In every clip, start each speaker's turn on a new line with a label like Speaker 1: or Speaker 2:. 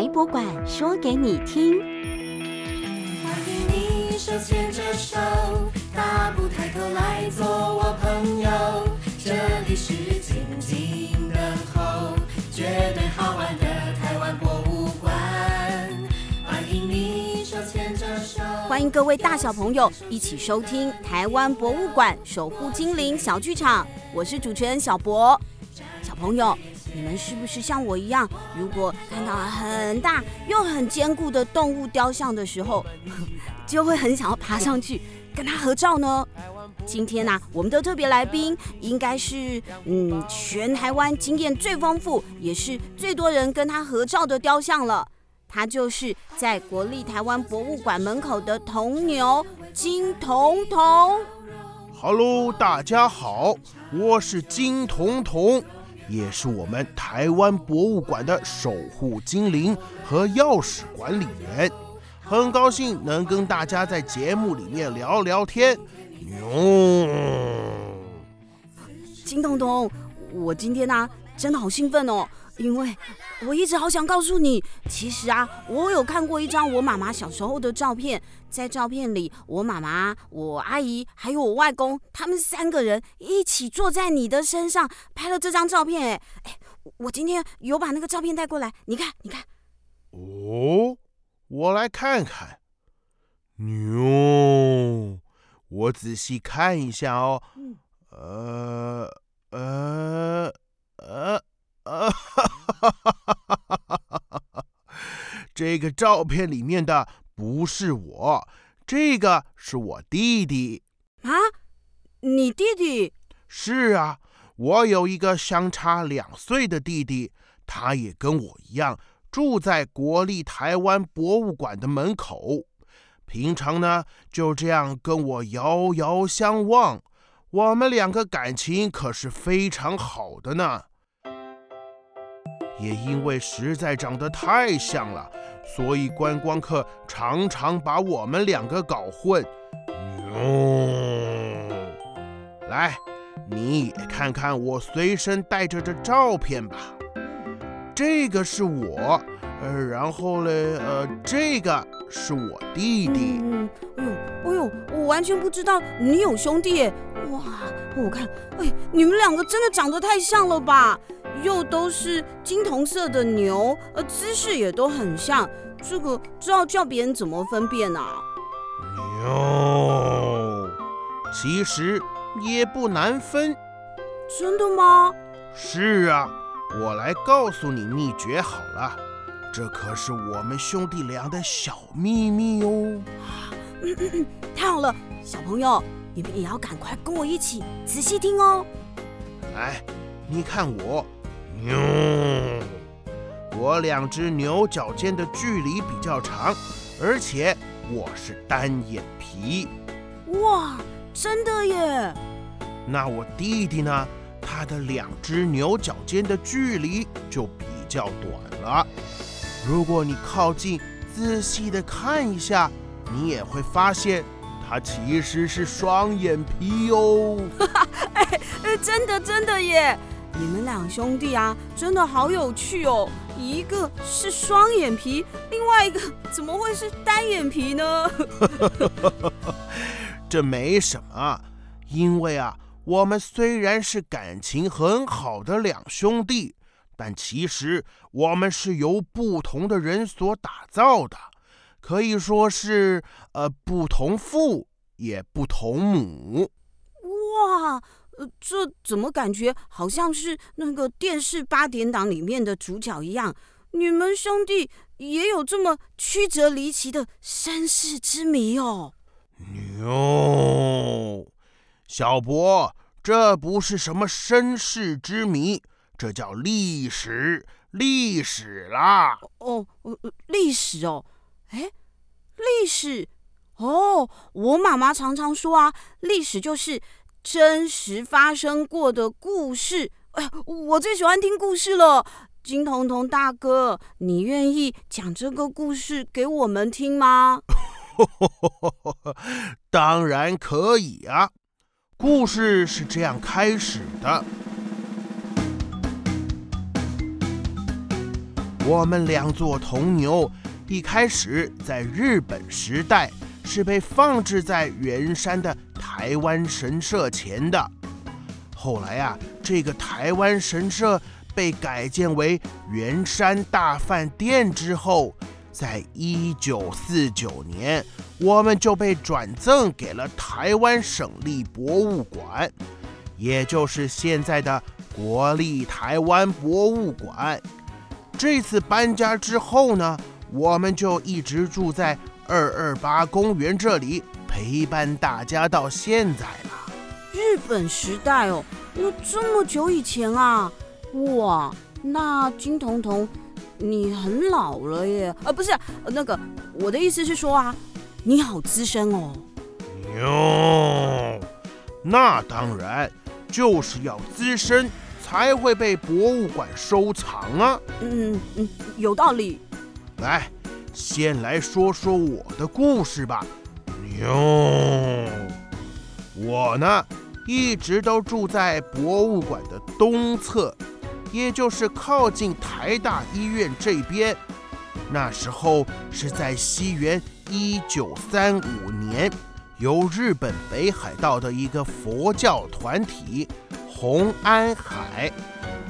Speaker 1: 台博館說給你聽。歡迎你手牽着手，大步
Speaker 2: 抬頭來做我朋友。這裡是靜靜等候，絕對好玩的台灣博物館。歡迎你手牽着手，歡
Speaker 1: 迎各位大小朋友一起收聽台灣博物館守護精靈小劇場。我是主持人小博，小朋友。你們是不是像我一樣，如果看到很大又很堅固的動物雕像的時候，就會很想要爬上去跟他合照呢？今天呢、啊，我們的特別來賓應該是，嗯，全台灣經驗最豐富，也是最多人跟他合照的雕像了。他就是在國立台灣博物館門口的銅牛金銅童。
Speaker 2: Hello，大家好，我是金銅童。也是我們台灣博物館的守護精靈和鑰匙管理員，很高興能跟大家在節目裡面聊聊天。喲，
Speaker 1: 金銅童，我今天呢、啊、真的好興奮哦，因為。我一直好想告訴你，其實啊，我有看過一張我媽媽小時候的照片，在照片裡，我媽媽、我阿姨還有我外公，他們三個人一起坐在你的身上拍了這張照片誒。哎，我今天有把那個照片帶過來，你看，你看。
Speaker 2: 哦，我來看看。牛、呃，我仔細看一下哦。呃呃呃。呃啊， 這個照片裡面的不是我，這個是我弟弟。啊？你弟弟？是啊，我有一個相差兩歲的弟弟，他也跟我一樣住在國立台灣博物館的門口。平常呢，就這樣跟我遙遙相望，我們兩個感情可是非常好的呢。也因為實在長得太像了，所以觀光客常常把我們兩個搞混。來，你也看看我隨身帶着的照片吧。這個是我，呃，然後嘞，呃，這個是我弟弟。嗯，
Speaker 1: 哎呦，哎呦，我完全不知道你有兄弟！哇，我看，哎，你們兩個真的長得太像了吧？又都是金銅色的牛，呃，姿勢也都很像，這個知道叫別人怎麼分辨吶？啊？
Speaker 2: 牛其實也不難分。真的嗎？是啊，我來告訴你秘訣好了，這可是我們兄弟倆的小
Speaker 1: 秘密哦。嗯嗯嗯。太好了，小朋友，你們也要趕快跟我一起仔細聽哦。
Speaker 2: 來，你看我。牛、嗯，我兩只牛角尖的距離比較長，而且我是單眼皮。哇，真的耶！那我弟弟呢？他的兩只牛角尖的距離就比較短了。如果你靠近仔細的看一下，你也會發現他其實是雙眼皮
Speaker 1: 哦。哈哈，哎，真的真的耶！你們兩兄弟啊，真的好有趣哦！一個是雙眼皮，另外一個怎麼會是單眼皮呢？
Speaker 2: 這沒什麼，因為啊，我們雖然是感情很好的兩兄弟，但其實我們是由不同的人所打造的，
Speaker 1: 可以說是呃，不同父，也不同母。哇！這怎麼感覺好像是那個電視八點檔裡面的主角一樣？你們兄弟也有這麼曲折離奇的身世之謎哦、no,？
Speaker 2: 牛，小博，這不是什麼身世之謎，這叫歷史，歷史啦！
Speaker 1: 哦，歷史哦，哎，歷史哦，我媽媽常常說啊，歷史就是，真實發生過的故事。哎，我最喜歡聽故事了。金銅童大哥，你願意講這個故事給我們聽嗎？
Speaker 2: 當然可以啊。故事是這樣開始的：我們兩座銅牛一開始在日本時代是被放置在圓山的。台灣神社前的。後來啊，這個台灣神社被改建為圓山大飯店之後，在一九四九年，我們就被轉贈給了台灣省立博物館，也就是現在的國立台灣博物館。這次搬家之後呢，我們就一直住在二二八公園這裡陪伴大家到現在了，
Speaker 1: 日本時代哦，這麼久以前啊，哇，那金銅童，你很老了耶，啊不是，那個，我的意思是說啊，你好資深哦，
Speaker 2: 喲，那當然，就是要資深才會被博物館收藏啊，嗯嗯，有道理，來，先來說說我的故事吧。喲，我呢，一直都住在博物館的東側，也就是靠近台大醫院這邊。那時候是在西元一九三五年，由日本北海道的一個佛教團體紅安海，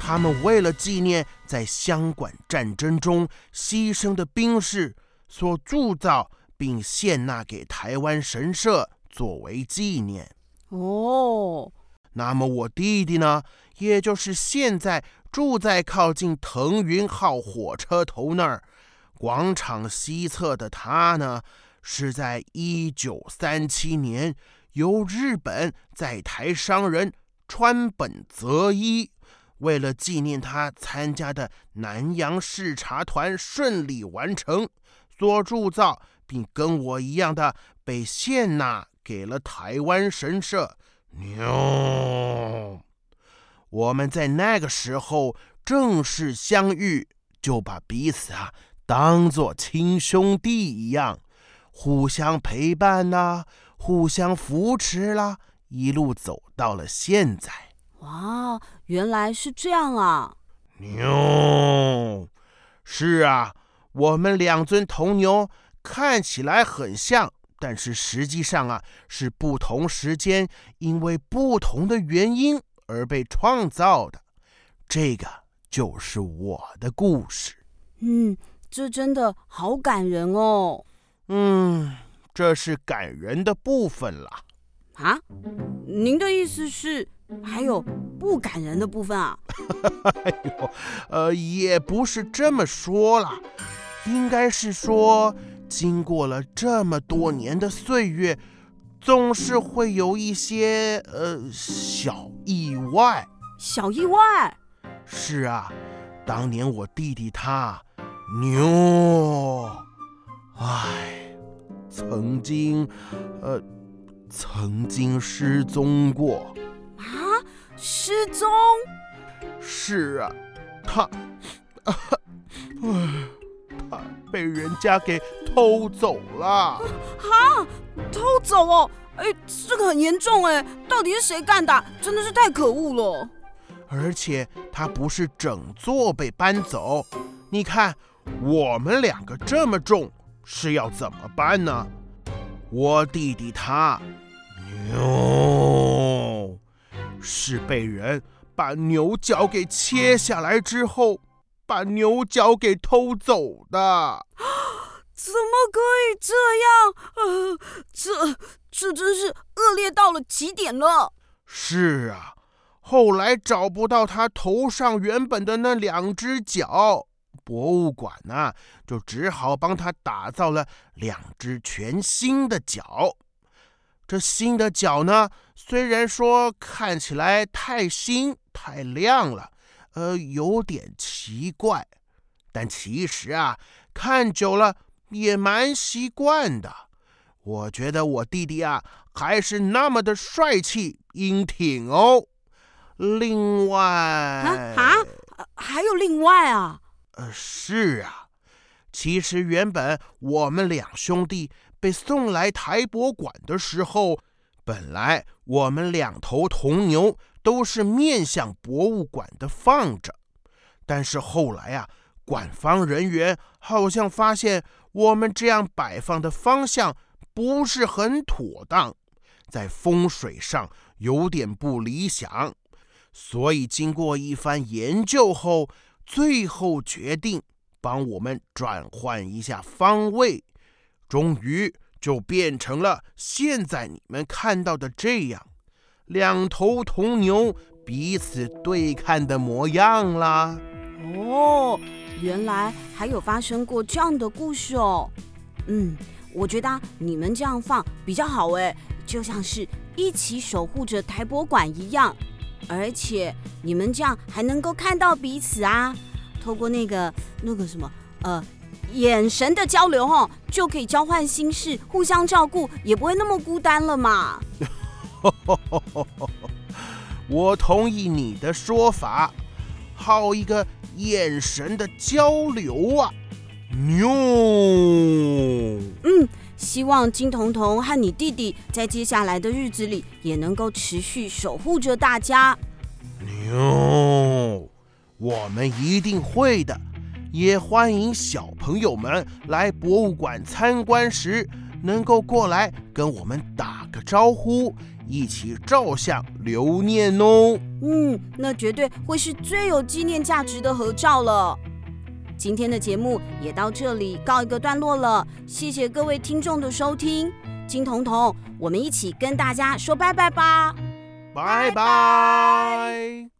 Speaker 2: 他們為了紀念在箱館戰爭中犧牲的兵士，所鑄造。並獻納給台灣神社作為紀念。哦，那麼我弟弟呢，也就是現在住在靠近騰雲號火車頭那兒廣場西側的他呢，是在一九三七年由日本在台商人川本澤一為了紀念他參加的南洋視察團順利完成所鑄造。並跟我一樣的被獻納、啊、給了台灣神社。牛，我們在那個時候正式相遇，就把彼此啊當做親兄弟一樣，互相陪伴吶、啊，互相扶持啦、啊，一路走到了現在。
Speaker 1: 哇，原來是這樣啊！
Speaker 2: 牛，是啊，我們兩尊銅牛。看起來很像，但是實際上啊，是不同時間，因為不同的原因而被創造的。這個就是我的故事。
Speaker 1: 嗯，這真的好感人哦。嗯，這是感人的部分了。啊？您的意思是還有不感人的部分啊？ 哎呦，
Speaker 2: 呃，也不是這麼說了，應該是說。經過了這麼多年的歲月，總是會有一些呃小
Speaker 1: 意外。小意外。啊？
Speaker 2: 是啊，當年我弟弟他，牛，唉，曾經，呃，曾經失蹤過。
Speaker 1: 啊？失蹤？
Speaker 2: 是啊，他，啊哈，他被人家給。偷
Speaker 1: 走了！哈，偷走哦！哎，這個很嚴重哎，到底是誰幹的？真的是太可惡了！
Speaker 2: 而且他不是整座被搬走，你看我們兩個這麼重，是要怎麼辦呢？我弟弟他牛是被人把牛角給切下來之後，把牛角給偷走的。
Speaker 1: 怎麼可以這樣？呃、啊，這這真是惡劣到了極點了。
Speaker 2: 是啊，後來找不到他頭上原本的那兩隻腳，博物館呢、啊、就只好幫他打造了兩隻全新的腳。這新的腳呢，雖然說看起來太新太亮了，呃，有點奇怪，但其實啊，看久了。也蠻習慣的，我覺得我弟弟啊還是那麼的帥氣英挺哦。另外啊，啊，還有另外啊，呃，是啊，其實原本我們兩兄弟被送來台博館的時候，本來我們兩頭銅牛都是面向博物館的放着，但是後來啊。館方人員好像發現我們這樣擺放的方向不是很妥當，在風水上有點不理想，所以經過一番研究後，最後決定幫我們轉換一下方位，終於就變成了現在你們看到的這樣，兩頭銅牛彼此對看的模樣了。
Speaker 1: 哦。原來還有發生過這樣的故事哦，嗯，我覺得你們這樣放比較好哎，就像是一起守護着台博館一樣，而且你們這樣還能夠看到彼此啊，透過那個那個什麼呃，眼神的交流哦，就可以交換心事，互相照顧，也不會那麼孤單了嘛。
Speaker 2: 我同意你的說法，好一個。
Speaker 1: 眼神的交流啊，
Speaker 2: 牛。
Speaker 1: 嗯，希望金銅童和你弟弟在接下來的日子裡也能夠持續守護着大家。
Speaker 2: 牛，我們一定會的。也歡迎小朋友們來博物館參觀時能夠過來跟我們打個招呼。一起照相留念哦！嗯，
Speaker 1: 那絕對會是最有紀念價值的合照了。今天的節目也到這裡告一個段落了，謝謝各位聽眾的收聽。金銅童，我們一起跟大家說拜拜吧！拜拜。